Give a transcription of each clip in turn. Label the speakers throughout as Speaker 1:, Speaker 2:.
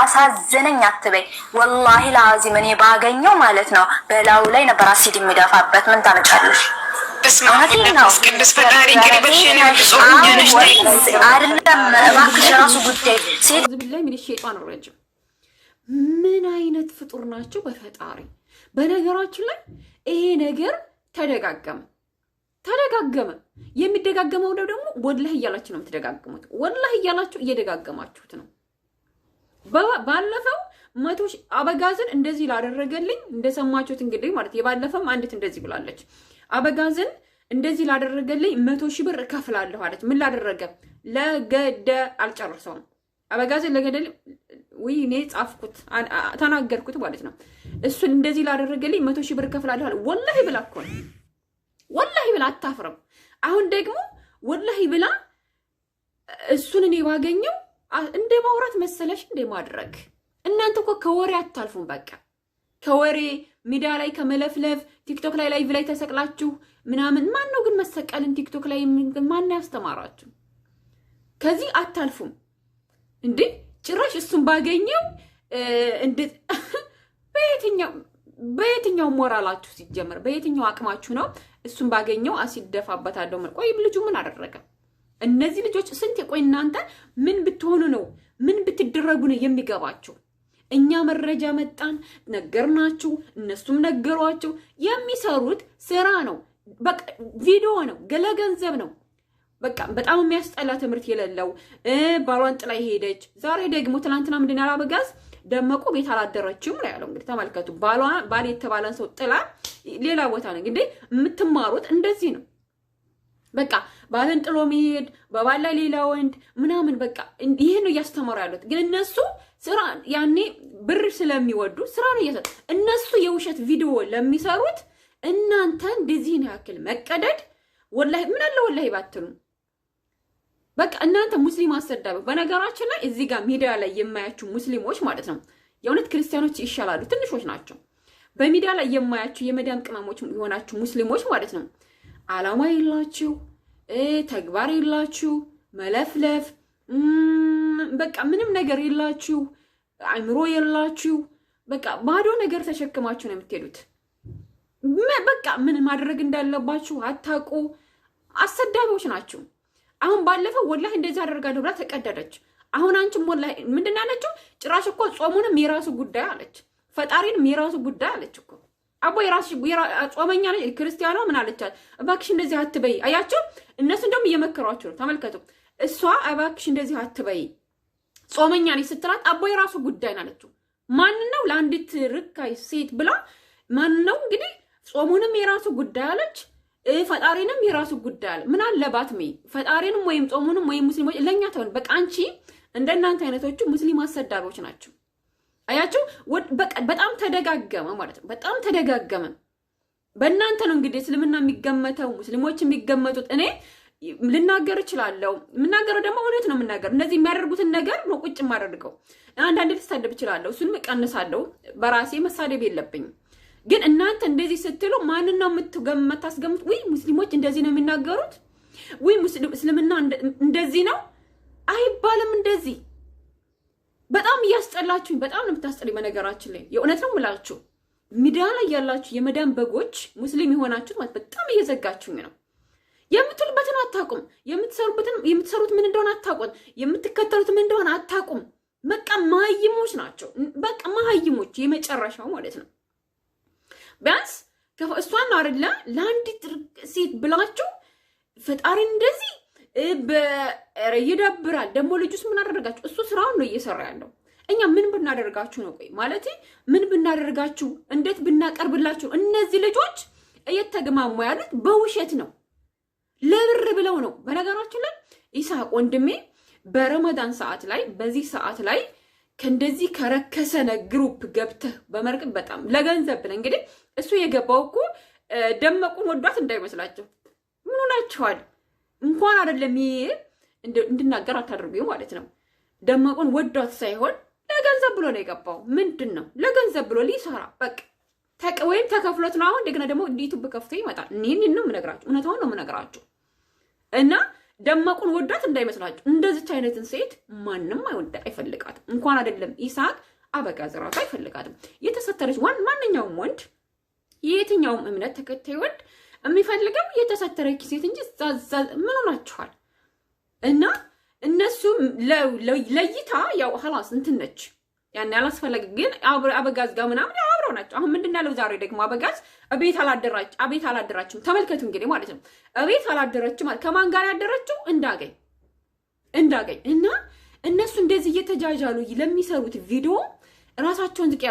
Speaker 1: አሳዘነኝ አትበይ። ወላሂ ለአዚም እኔ ባገኘው ማለት ነው በላዩ ላይ ነበር አሲድ የሚደፋበት። ምን ታመጫለሽ? ምን አይነት ፍጡር ናቸው? በፈጣሪ በነገራችን ላይ ይሄ ነገር ተደጋገመ ተደጋገመ። የሚደጋገመው ደግሞ ወላህ እያላችሁ ነው የምትደጋግሙት። ወላህ እያላችሁ እየደጋገማችሁት ነው። ባለፈው መቶ አበጋዝን እንደዚህ ላደረገልኝ እንደሰማችሁት እንግዲህ ማለት የባለፈም አንዲት እንደዚህ ብላለች። አበጋዝን እንደዚህ ላደረገልኝ መቶ ሺህ ብር እከፍላለሁ አለች። ምን ላደረገ ለገደ አልጨርሰውም። አበጋዝን ለገደል ውይ እኔ ጻፍኩት ተናገርኩት ማለት ነው። እሱን እንደዚህ ላደረገልኝ መቶ ሺህ ብር እከፍላለሁ አለ። ወላሂ ብላ እኮ ነው ወላሂ ብላ አታፍርም። አሁን ደግሞ ወላሂ ብላ እሱን እኔ ባገኘው እንደ ማውራት መሰለሽ እንደ ማድረግ። እናንተ እኮ ከወሬ አታልፉም። በቃ ከወሬ ሚዲያ ላይ ከመለፍለፍ ቲክቶክ ላይ ላይቭ ላይ ተሰቅላችሁ ምናምን። ማን ነው ግን መሰቀልን ቲክቶክ ላይ ማን ያስተማራችሁ? ከዚህ አታልፉም እንዴ! ጭራሽ እሱን ባገኘው በየትኛው በየትኛው ሞራላችሁ ሲጀምር በየትኛው አቅማችሁ ነው እሱን ባገኘው አሲደፋበታለሁ። ቆይ ልጁ ምን አደረገ? እነዚህ ልጆች ስንት የቆይ እናንተ ምን ብትሆኑ ነው ምን ብትደረጉ ነው የሚገባቸው? እኛ መረጃ መጣን ነገርናችሁ፣ እነሱም ነገሯቸው። የሚሰሩት ስራ ነው፣ በቃ ቪዲዮ ነው፣ ገለገንዘብ ነው። በቃ በጣም የሚያስጠላ ትምህርት የሌለው ባሏን ጥላ ሄደች። ዛሬ ደግሞ ትናንትና ምንድን አበጋዝ ደመቁ ቤት አላደረችም ነው ያለው። እንግዲህ ተመልከቱ፣ ባል የተባለን ሰው ጥላ ሌላ ቦታ ነው እንግዲህ የምትማሩት እንደዚህ ነው። በቃ ባለን ጥሎ መሄድ፣ በባላ ሌላ ወንድ ምናምን በቃ ይህን ነው እያስተማሩ ያሉት። ግን እነሱ ስራ ያኔ ብር ስለሚወዱ ስራ ነው እያሰ እነሱ የውሸት ቪዲዮ ለሚሰሩት እናንተ እንደዚህ ነው ያክል መቀደድ ወላሂ ምን አለ ወላሂ ባትሉ በቃ እናንተ ሙስሊም አሰዳቢ። በነገራችን ላይ እዚህ ጋር ሚዲያ ላይ የማያችሁ ሙስሊሞች ማለት ነው የእውነት ክርስቲያኖች ይሻላሉ፣ ትንሾች ናቸው። በሚዲያ ላይ የማያችሁ የመዳም ቅመሞች የሆናችሁ ሙስሊሞች ማለት ነው አላማ የላችሁ ተግባር የላችሁ፣ መለፍለፍ በቃ ምንም ነገር የላችሁ፣ አእምሮ የላችሁ፣ በቃ ባዶ ነገር ተሸክማችሁ ነው የምትሄዱት። በቃ ምን ማድረግ እንዳለባችሁ አታውቁ። አሰዳቢዎች ናችሁ። አሁን ባለፈው ወላህ እንደዚህ አደርጋለሁ ብላ ተቀደደች። አሁን አንቺም ወላህ ምንድን ያለችው ጭራሽ እኮ ጾሙንም የራሱ ጉዳይ አለች፣ ፈጣሪንም የራሱ ጉዳይ አለች እኮ አቦ የራስሽ ጾመኛ ነች ክርስቲያኗ ምን አለቻት? እባክሽ እንደዚህ አትበይ። አያቸው እነሱ እንደውም እየመከሯቸው ነው። ተመልከቱ። እሷ እባክሽ እንደዚህ አትበይ ጾመኛ ነች ስትላት አቦ የራሱ ጉዳይ ናለችው። ማን ነው ለአንዲት ርካይ ሴት ብላ ማን ነው እንግዲህ ጾሙንም የራሱ ጉዳይ አለች፣ ፈጣሪንም የራሱ ጉዳይ አለ። ምን አለባት ሜ ፈጣሪንም ወይም ጾሙንም ወይም ሙስሊሞች ለእኛ ተሆን በቃ አንቺ እንደናንተ አይነቶቹ ሙስሊም አሰዳቢዎች ናቸው። አያችሁ፣ በጣም ተደጋገመ ማለት ነው። በጣም ተደጋገመ። በእናንተ ነው እንግዲህ እስልምና የሚገመተው ሙስሊሞች የሚገመቱት። እኔ ልናገር እችላለሁ። የምናገረው ደግሞ እውነት ነው የምናገር። እነዚህ የሚያደርጉትን ነገር ነው ቁጭ የማደርገው። አንዳንዴ ልሳደብ እችላለሁ፣ እሱንም እቀንሳለሁ። በራሴ መሳደብ የለብኝም። ግን እናንተ እንደዚህ ስትሉ ማንን ነው የምታስገምት? ውይ ሙስሊሞች እንደዚህ ነው የሚናገሩት፣ ውይ እስልምና እንደዚህ ነው አይባልም እንደዚህ በጣም እያስጠላችሁኝ፣ በጣም ነው የምታስጠሉኝ። በነገራችን ላይ የእውነት ነው የምላችሁ ሚዲያ ላይ ያላችሁ የመዳን በጎች ሙስሊም የሆናችሁት ማለት በጣም እየዘጋችሁኝ ነው። የምትሉበትን አታቁም። የምትሰሩት ምን እንደሆነ አታቁም። የምትከተሉት ምን እንደሆነ አታቁም። በቃ መሀይሞች ናቸው። በቃ መሀይሞች የመጨረሻው ማለት ነው። ቢያንስ እሷን አርላ ለአንዲት ሴት ብላችሁ ፈጣሪን እንደዚህ ይደብራል። ደግሞ ልጁስ ምን አደረጋችሁ? እሱ ስራውን ነው እየሰራ ያለው። እኛ ምን ብናደርጋችሁ ነው? ቆይ ማለት ምን ብናደርጋችሁ፣ እንዴት ብናቀርብላችሁ? እነዚህ ልጆች እየተግማሙ ያሉት በውሸት ነው፣ ለብር ብለው ነው። በነገራችን ላይ ይስሐቅ ወንድሜ በረመዳን ሰዓት ላይ በዚህ ሰዓት ላይ ከእንደዚህ ከረከሰነ ግሩፕ ገብተህ በመርቅብ በጣም ለገንዘብ ነው እንግዲህ እሱ የገባው እኮ ደመቁን ወዷት እንዳይመስላቸው ምኑ ናችኋል እንኳን አደለም ይሄ እንድናገር አታደርጉኝ ማለት ነው። ደመቁን ወዷት ሳይሆን ለገንዘብ ብሎ ነው የገባው። ምንድን ነው ለገንዘብ ብሎ ሊሰራ በቃ ወይም ተከፍሎት ነው። አሁን እንደገና ደግሞ ዩቱብ ከፍቶ ይመጣል። ይህንን ነው የምነግራችሁ፣ እውነታውን ነው የምነግራችሁ። እና ደመቁን ወዷት እንዳይመስላችሁ። እንደዚች አይነትን ሴት ማንም አይወዳ አይፈልጋትም። እንኳን አደለም ይስሐቅ አበጋዝ ዝራቱ አይፈልጋትም። የተሰተረች ማንኛውም ወንድ የየትኛውም እምነት ተከታይ ወንድ የሚፈልገው የተሰተረ ኪሴት እንጂ ምን ሆናችኋል? እና እነሱ ለይታ ያው ሀላስ እንትን ነች ያን ያላስፈለግ ግን አበጋዝ ጋር ምናምን አብረው ናቸው። አሁን ምንድን ያለው ዛሬ ደግሞ አበጋዝ ቤት አቤት አላደራችም። ተመልከቱ እንግዲህ ማለት ነው ቤት አላደረችም። ከማን ጋር ያደረችው እንዳገኝ እንዳገኝ እና እነሱ እንደዚህ እየተጃጃሉ ለሚሰሩት ቪዲዮ ራሳቸውን ዝቅ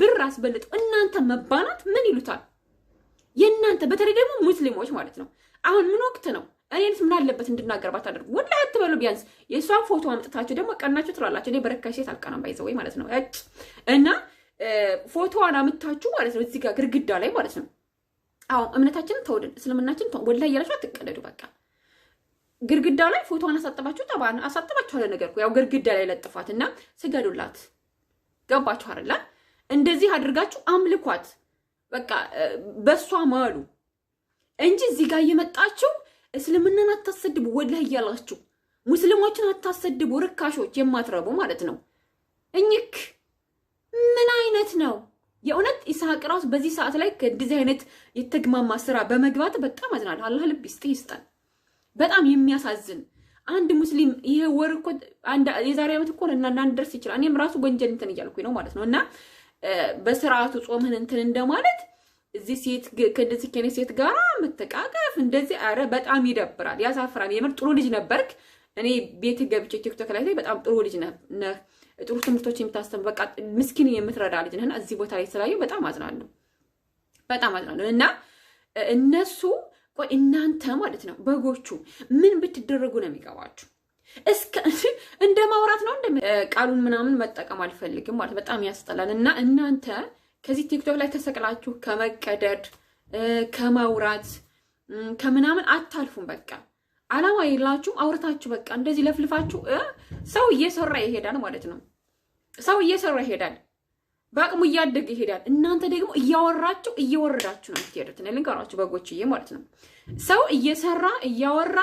Speaker 1: ብር አስበልጡ። እናንተ መባናት ምን ይሉታል? የእናንተ በተለይ ደግሞ ሙስሊሞች ማለት ነው። አሁን ምን ወቅት ነው? እኔንስ ምን አለበት እንድናገር ባታደርጉ ወላ አትበሉ። ቢያንስ የእሷን ፎቶ አምጥታችሁ ደግሞ ቀናችሁ ትላላችሁ። እኔ በረካሽ ሴት አልቀናም ባይዘ ወይ ማለት ነው እጭ እና ፎቶዋን አምጥታችሁ ማለት ነው እዚህ ጋር ግድግዳ ላይ ማለት ነው። አሁን እምነታችንን ተውድን እስልምናችን ወላ እያላችሁ አትቀደዱ። በቃ ግርግዳ ላይ ፎቶዋን አሳጥባችሁ ተባ አሳጥባችኋለ። ነገር ያው ግርግዳ ላይ ለጥፋት እና ስገዱላት። ገባችሁ አይደል? እንደዚህ አድርጋችሁ አምልኳት። በቃ በእሷ ማሉ እንጂ እዚህ ጋር እየመጣችሁ እስልምናን አታሰድቡ፣ ወላህ እያላችሁ ሙስሊሞችን አታሰድቡ። ርካሾች የማትረቡ ማለት ነው። እኝክ ምን አይነት ነው የእውነት ኢስሐቅ ራሱ በዚህ ሰዓት ላይ ከእንደዚህ አይነት የተግማማ ስራ በመግባት በጣም አዝናል። አላህ ልብ ስ ይስጠን። በጣም የሚያሳዝን አንድ ሙስሊም ይሄ ወር እኮ የዛሬ ዓመት እኮ ለእናንዳንድ ደርስ ይችላል። እኔም ራሱ ወንጀል እንትን እያልኩኝ ነው ማለት ነው እና በስርዓቱ ጾምህን እንትን እንደማለት እዚህ ሴት ከእንደዚህ ከኔ ሴት ጋር መተቃቀፍ እንደዚህ፣ አረ በጣም ይደብራል፣ ያሳፍራል። የምር ጥሩ ልጅ ነበርክ። እኔ ቤት ገብቼ ቲክቶክ ላይ በጣም ጥሩ ልጅ ነህ፣ ጥሩ ትምህርቶች የምታስተምር በቃ ምስኪን የምትረዳ ልጅ ነህና እዚህ ቦታ ላይ ስላየሁ በጣም አዝናለሁ፣ በጣም አዝናለሁ። እና እነሱ ቆይ እናንተ ማለት ነው በጎቹ ምን ብትደረጉ ነው የሚገባችሁ? እንደ ማውራት ነው። ቃሉን ምናምን መጠቀም አልፈልግም ማለት በጣም ያስጠላል። እና እናንተ ከዚህ ቲክቶክ ላይ ተሰቅላችሁ ከመቀደድ ከማውራት ከምናምን አታልፉም። በቃ አላማ የላችሁም። አውርታችሁ በቃ እንደዚህ ለፍልፋችሁ ሰው እየሰራ ይሄዳል ማለት ነው። ሰው እየሰራ ይሄዳል፣ በአቅሙ እያደገ ይሄዳል። እናንተ ደግሞ እያወራችሁ እየወረዳችሁ ነው የምትሄዱት። ልንገራችሁ በጎችዬ ማለት ነው። ሰው እየሰራ እያወራ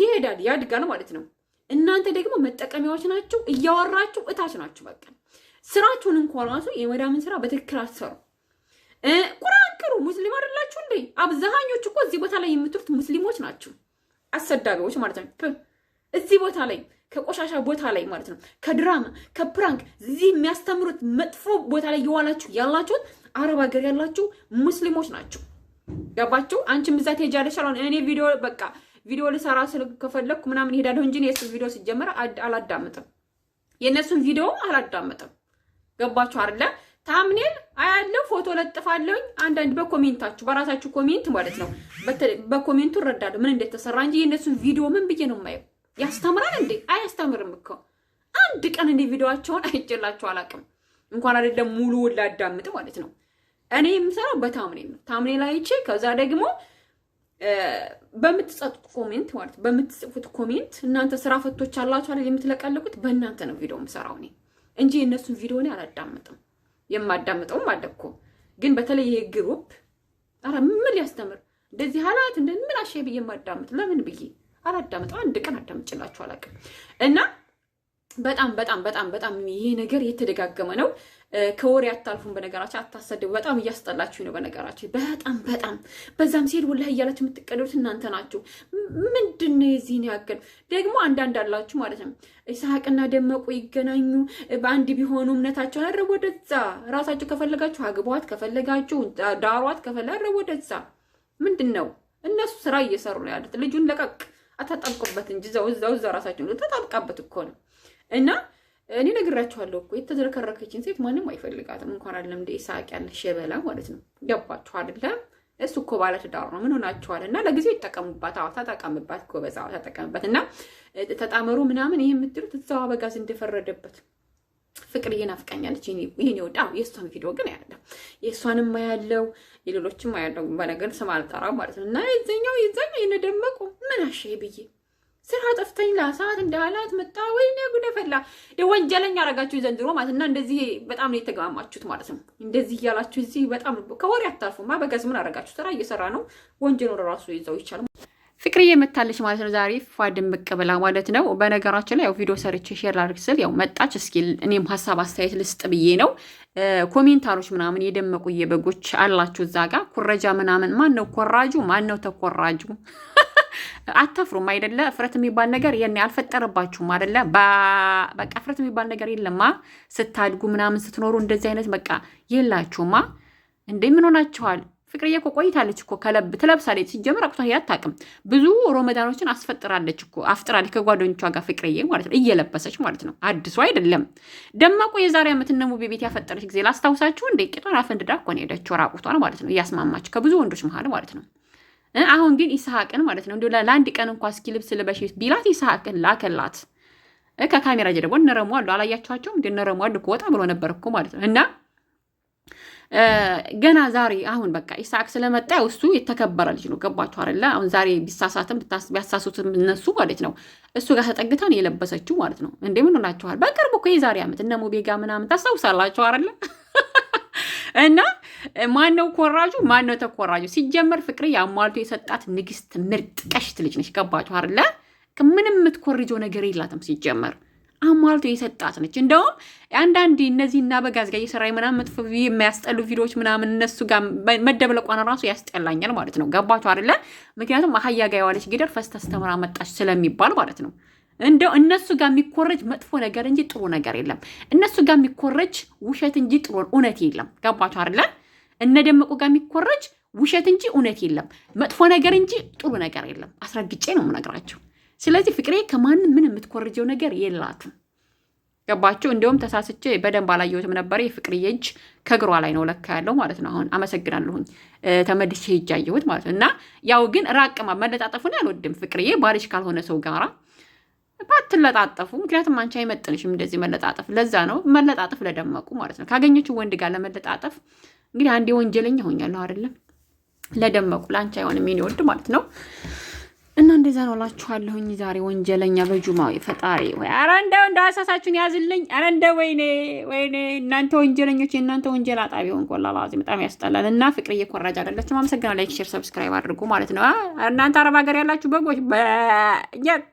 Speaker 1: ይሄዳል፣ ያድጋል ማለት ነው። እናንተ ደግሞ መጠቀሚያዎች ናችሁ። እያወራችሁ እታች ናችሁ። በቃ ስራችሁን እንኳ ራሱ የመዳምን ስራ በትክክል አትሰሩ። ቁርአን ቅሩ። ሙስሊም አይደላችሁ እንዴ? አብዛኞቹ እኮ እዚህ ቦታ ላይ የምትሉት ሙስሊሞች ናችሁ። አሰዳቢዎች ማለት ነው። እዚህ ቦታ ላይ ከቆሻሻ ቦታ ላይ ማለት ነው፣ ከድራማ ከፕራንክ እዚህ የሚያስተምሩት መጥፎ ቦታ ላይ የዋላችሁ ያላችሁት አረብ ሀገር ያላችሁ ሙስሊሞች ናችሁ። ገባችሁ? አንቺ ብዛት ሄጃለሽ። እኔ ቪዲዮ በቃ ቪዲዮ ልሰራ ስል ከፈለግኩ ምናምን ይሄዳለሁ እንጂ የእሱን ቪዲዮ ሲጀመር አላዳምጥም፣ የእነሱን ቪዲዮ አላዳምጥም። ገባችሁ አይደለ? ታምኔል አያለው፣ ፎቶ ለጥፋለሁኝ። አንዳንድ በኮሜንታችሁ በራሳችሁ ኮሜንት ማለት ነው፣ በኮሜንቱ እረዳለሁ ምን እንደተሰራ እንጂ የእነሱን ቪዲዮ ምን ብዬ ነው የማየው? ያስተምራል እንዴ? አያስተምርም እኮ አንድ ቀን እንደ ቪዲዮዋቸውን አይቼላችሁ አላውቅም። እንኳን አይደለም ሙሉ ላዳምጥ ማለት ነው። እኔ የምሰራው በታምኔል ነው። ታምኔል አይቼ ከዛ ደግሞ በምትጸጡት ኮሜንት ማለት በምትጽፉት ኮሜንት እናንተ ስራ ፈቶች አላችሁ አይደል? የምትለቀልቁት በእናንተ ነው ቪዲዮ የምሰራው እኔ እንጂ የእነሱን ቪዲዮ እኔ አላዳምጥም። የማዳምጠውም አለ ግን በተለይ ይሄ ግሩፕ ኧረ ምን ሊያስተምር እንደዚህ ሀላት እንደን ምን አሸ ብዬ የማዳምጥ ለምን ብዬ አላዳምጠው። አንድ ቀን አዳምጭላችሁ አላውቅም። እና በጣም በጣም በጣም በጣም ይሄ ነገር የተደጋገመ ነው። ከወሬ አታልፉም። በነገራችን አታሰድቡ። በጣም እያስጠላችሁ ነው። በነገራችን በጣም በጣም በዛም ሲሄድ ውላ እያላችሁ የምትቀደሉት እናንተ ናችሁ። ምንድን ነው የዚህን ያክል ደግሞ አንዳንድ አላችሁ ማለት ነው። ይስሐቅና ደመቁ ይገናኙ በአንድ ቢሆኑ እምነታቸውን አረ ወደዛ። ራሳቸው ከፈለጋችሁ አግቧት፣ ከፈለጋችሁ ዳሯት፣ ከፈለ አረ ወደዛ። ምንድን ነው እነሱ ስራ እየሰሩ ነው ያሉት። ልጁን ለቀቅ አታጣብቁበት እንጂ እዛው እዛው እዛው ራሳቸው ተጣብቃበት እኮ ነው እና እኔ ነግራችኋለሁ እኮ የተዝረከረከችን ሴት ማንም አይፈልጋትም። እንኳን አለም እንደ ኢሳቅ ያለ ሸበላ ማለት ነው። ገባችሁ አይደለም? እሱ እኮ ባለ ነው። ምን ሆናችኋል? እና ለጊዜው ይጠቀሙባት። አዎ ተጠቀምባት፣ ጎበዝ። አዎ ተጠቀምባት። እና ተጣመሩ ምናምን ይህ የምትሉት እዛው አበጋዝ እንደፈረደበት ፍቅር እየናፍቀኛለች ይህን ይወዳ የእሷን ቪዲዮ ግን ያለው የእሷንም ማያለው የሌሎችም ማያለው በነገር ስም አልጠራ ማለት ነው። እና የዘኛው የዛኛ የነደመቁ ምን አሸ ብዬ ስራ ጠፍተኝ ላሳት እንደ አላት መጣ ወይ ወንጀለኛ ያደረጋችሁ ዘንድሮ ማለት እና እንደዚህ በጣም ነው የተገማማችሁት ማለት ነው። እንደዚህ እያላችሁ እዚህ በጣም ከወሬ አታልፉማ። በገዝ ምን አረጋችሁ? ስራ እየሰራ ነው። ወንጀል ወደ ራሱ ይዘው ይቻል ፍቅርዬ መታለች ማለት ነው። ዛሬ ፏ ድምቅ ብላ ማለት ነው። በነገራችን ላይ ያው ቪዲዮ ሰርቼ ሼር ላድርግ ስል ያው መጣች። እስኪ እኔም ሀሳብ አስተያየት ልስጥ ብዬ ነው። ኮሜንታሮች ምናምን የደመቁ የበጎች አላችሁ እዛ ጋር ኩረጃ ምናምን። ማን ነው ኮራጁ? ማን ነው ተኮራጁ? አታፍሩም አይደለ? እፍረት የሚባል ነገር ያን አልፈጠረባችሁም አይደለ? በቃ እፍረት የሚባል ነገር የለማ። ስታድጉ ምናምን ስትኖሩ እንደዚህ አይነት በቃ የላችሁማ እንዴ? ምን ሆናችኋል? ፍቅርዬ እኮ ቆይታለች እኮ ከለብ ትለብሳለች። ሲጀመር አቁቷን አታውቅም። ብዙ ሮመዳኖችን አስፈጥራለች እኮ አፍጥራለች ከጓደኞቿ ጋር ፍቅርዬ ማለት ነው፣ እየለበሰች ማለት ነው። አዲሱ አይደለም። ደማቁ የዛሬ ዓመት እነ ሙቤ ቤት ያፈጠረች ጊዜ ላስታውሳችሁ እንደ ቂጧን አፈንድዳ እኮ ነው የሄደችው ራቁቷን ማለት ነው፣ እያስማማች ከብዙ ወንዶች መሀል ማለት ነው። አሁን ግን ይስሐቅን ማለት ነው እንዲሁ ለአንድ ቀን እንኳ እስኪ ልብስ ልበሽ ቢላት ይስሐቅን ላከላት። ከካሜራ ጀርባ እነረሙ አሉ። አላያችኋቸውም? እንዲ እነረሙ ከወጣ ብሎ ነበር እኮ ማለት ነው። እና ገና ዛሬ አሁን በቃ ይስሐቅ ስለመጣ እሱ የተከበረ ልጅ ነው። ገባችሁ አይደለ? አሁን ዛሬ ቢሳሳትም ቢያሳሱትም እነሱ ማለት ነው እሱ ጋር ተጠግተን የለበሰችው ማለት ነው። እንደምን ሆናችኋል? በቅርብ እኮ የዛሬ ዓመት እነ ሙቤ ጋ ምናምን ታስታውሳላችሁ አይደለ? እና ማነው ኮራጁ? ነው ተኮራጁ? ሲጀመር ፍቅር የአሟልቶ የሰጣት ንግስት ምርጥ ቀሽት ልጅ ነች። ገባችሁ አይደለ? ምንም የምትኮርጀው ነገር የላትም ሲጀመር አሟልቶ የሰጣት ነች። እንደውም አንዳንድ እነዚህ እና በጋዝ ጋር እየሰራ ምናምን መጥፎ የሚያስጠሉ ቪዲዮዎች ምናምን እነሱ ጋር መደብለቋን ራሱ ያስጠላኛል ማለት ነው። ገባችሁ አይደለ? ምክንያቱም አህያ ጋ የዋለች ጊደር ፈስተስተምራ መጣች ስለሚባል ማለት ነው። እንደው እነሱ ጋር የሚኮረጅ መጥፎ ነገር እንጂ ጥሩ ነገር የለም። እነሱ ጋር የሚኮረጅ ውሸት እንጂ ጥሩ እውነት የለም። ገባችሁ አይደለ? እነ ደመቁ ጋር የሚኮረጅ ውሸት እንጂ እውነት የለም። መጥፎ ነገር እንጂ ጥሩ ነገር የለም። አስረግጬ ነው የምነግራቸው። ስለዚህ ፍቅሬ ከማንም ምን የምትኮርጀው ነገር የላትም። ገባችሁ? እንዲሁም ተሳስቼ በደንብ አላየሁትም ነበር። የፍቅርዬ እጅ ከእግሯ ላይ ነው ለካ ያለው ማለት ነው። አሁን አመሰግናለሁኝ ተመልሼ እጅ አየሁት ማለት ነው። እና ያው ግን ራቅማ መለጣጠፉን አልወድም። ፍቅርዬ ባልሽ ካልሆነ ሰው ጋራ ባትለጣጠፉ። ምክንያቱም አንቺ አይመጥንሽም እንደዚህ መለጣጠፍ። ለዛ ነው መለጣጠፍ ለደመቁ ማለት ነው። ካገኘችው ወንድ ጋር ለመለጣጠፍ እንግዲህ አንዴ ወንጀለኛ ሆኛለሁ አይደለም። ለደመቁ ለአንቺ አይሆንም የኔ ወድ ማለት ነው። እና እንደዛ ነው እላችኋለሁኝ። ዛሬ ወንጀለኛ በጁማ ፈጣሪ ወይ ኧረ እንደው እንደ አሳሳችሁን ያዝልኝ። ኧረ እንደው ወይኔ ወይኔ እናንተ ወንጀለኞች የእናንተ ወንጀል አጣቢ ሆንኩ። ወላሂ በጣም ያስጠላል። እና ፍቅር እየኮራጅ አይደለችም። አመሰግናለሁ። ላይክ፣ ሼር፣ ሰብስክራይብ አድርጉ ማለት ነው። እናንተ አረብ ሀገር ያላችሁ በጎች በየክ